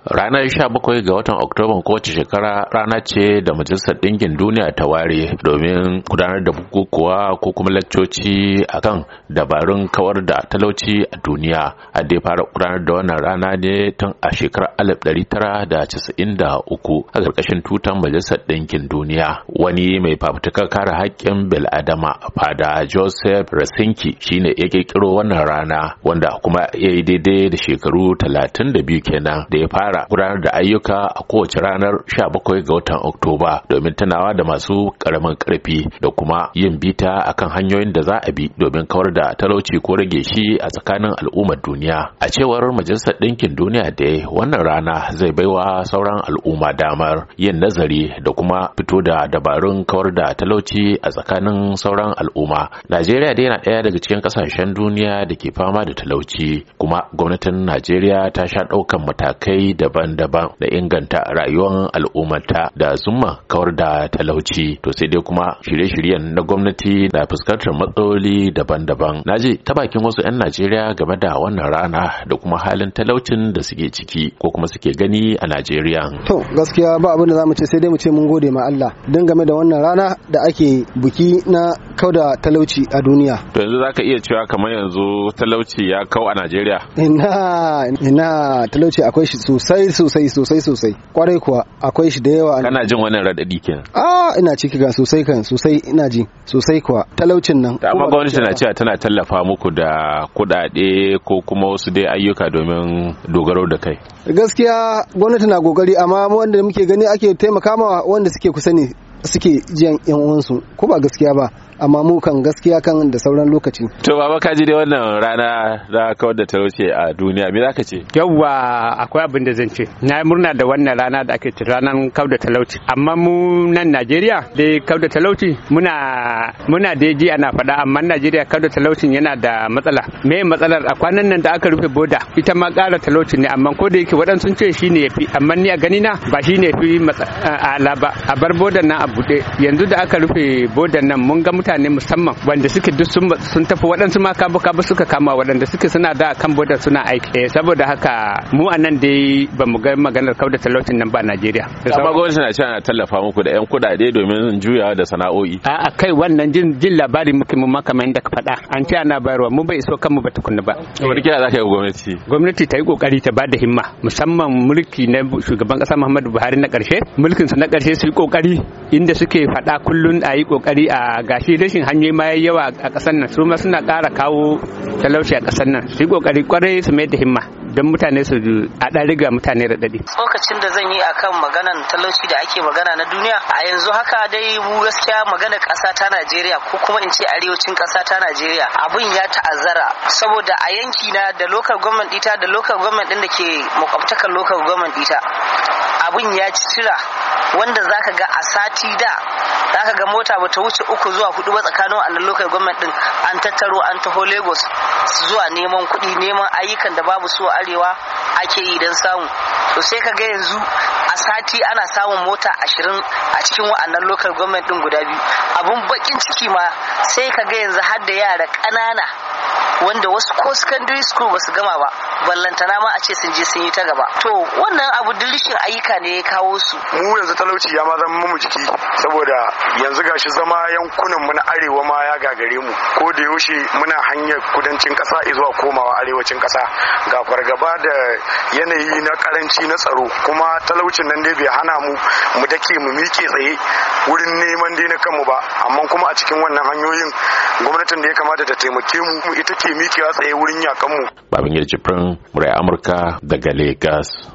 Ranar 17 ga watan Oktoban kowace shekara rana ce da Majalisar Ɗinkin Duniya ta ware domin gudanar da bukukuwa ko kuma lakcoci akan dabarun kawar da talauci a duniya. A dai fara gudanar da wannan rana ne tun a shekarar 1993 a ƙarƙashin tutan Majalisar Ɗinkin Duniya. Wani mai fafutukar kare haƙƙin bil'adama adama fada Joseph Rasinki shine ya ƙirƙiro wannan rana wanda kuma ya yi daidai da shekaru 32 kenan da ya fara fara gudanar da ayyuka a kowace ranar 17 ga watan Oktoba domin tunawa da masu karamin karfi da kuma yin bita akan hanyoyin da za a bi domin kawar da talauci ko rage shi a tsakanin al'ummar duniya. A cewar Majalisar Ɗinkin Duniya da wannan rana zai baiwa sauran al'umma damar yin nazari da kuma fito da dabarun kawar da talauci a tsakanin sauran al'umma. Najeriya dai yana ɗaya daga cikin ƙasashen duniya da ke fama da talauci kuma gwamnatin Najeriya ta sha ɗaukan matakai daban-daban na inganta rayuwar al'ummata da zuma kawar da talauci to sai dai kuma shirye-shiryen na gwamnati na fuskantar matsaloli daban-daban na ji ta bakin wasu 'yan najeriya game da wannan rana da kuma halin talaucin da suke ciki ko kuma suke gani a najeriya to gaskiya ba abin da za mu ce sai dai mu ce mun gode ma allah don game da wannan rana da ake buki na kau da talauci a duniya to yanzu zaka iya cewa kamar yanzu talauci ya kau a Najeriya ina ina talauci akwai shi sosai sosai sosai sosai kwarai kuwa akwai shi da yawa kana jin wannan radadi kenan ah ina ciki ga sosai kan sosai ina ji sosai kuwa talaucin nan amma gwamnati na cewa tana tallafa muku da kuɗaɗe ko kuma wasu dai ayyuka domin dogaro da kai gaskiya gwamnati na gogari amma wanda muke gani ake taimaka ma wanda suke kusa ne suke jiyan yan uwansu ko ba gaskiya ba amma mu kan gaskiya kan da sauran lokaci to baba ka ji da wannan rana da ka da ta wuce a duniya me zaka ce yawwa akwai abin da zan ce na yi murna da wannan rana da ake ce ranar kawar da talauci amma mu nan Najeriya da kawar da talauci muna muna da ji ana faɗa amma Najeriya kawar da talaucin yana da matsala me matsalar a kwanan nan da aka rufe boda ita ma ƙara talauci ne amma ko da yake waɗansu sun ce shine yafi amma ni a gani na ba shine yafi ala ba a bar bodan nan buɗe yanzu da aka rufe bodan nan mun ga mutane musamman wanda suke duk sun tafi waɗansu ma kabo kabu suka kama waɗanda suke suna da kan bodan suna aiki eh, saboda haka mu a nan dai ba mu ga maganar kauda talautin nan ba Najeriya. Amma gwamnati na cewa ana tallafa muku da 'yan kuɗaɗe domin juyawa da sana'o'i. A'a kai wannan jin jin labari muke mun maka mai da ka faɗa an ce ana bayarwa mu bai iso kanmu ba tukunna ba. Wani kira za ka yi gwamnati? Gwamnati ta yi kokari ta ba da himma musamman mulki na shugaban ƙasa Muhammadu Buhari na ƙarshe mulkin su na ƙarshe su yi kokari inda suke faɗa kullun a yi ƙoƙari a gashi rashin hanyoyi ma yawa a ƙasar nan su ma suna ƙara kawo talauci a ƙasar nan su yi ƙoƙari ƙwarai su mai da himma don mutane su a ɗan riga mutane da Lokacin da zan yi akan maganar talauci da ake magana na duniya a yanzu haka dai mu gaskiya magana ƙasa ta Najeriya ko kuma in ce arewacin ƙasa ta Najeriya abin ya ta'azzara saboda a yanki na da local government ita da local government ɗin da ke makwabtakar local government ita abin ya ci cira wanda zaka ga a sati da zaka ga mota ba ta wuce uku zuwa hudu ba tsakanin wannan lokacin gwamnati din an tattaro an taho Lagos zuwa neman kuɗi neman ayyukan da babu su a arewa ake yi don samu to sai ka ga yanzu a sati ana samun mota ashirin a cikin wa'annan lokacin gwamnati din guda biyu abun bakin ciki ma sai ka ga yanzu har da yara ƙanana wanda wasu ko secondary school ba su gama ba ballantana ma a ce sun je sun yi ta gaba to wannan abu dilishin ayyuka ne ya kawo su mu yanzu talauci ya ma zama mu jiki saboda yanzu gashi zama yankunan mu na arewa ma ya gagare mu ko da yaushe muna hanyar kudancin kasa zuwa komawa arewacin kasa ga fargaba da yanayi na karanci na tsaro kuma talaucin nan dai bai hana mu mu dake mu miƙe tsaye wurin neman dai na kanmu ba amma kuma a cikin wannan hanyoyin gwamnatin da ya kamata ta taimake mu ita ke mikewa tsaye wurin yakan mu babin yarjifin murai amurka daga lagos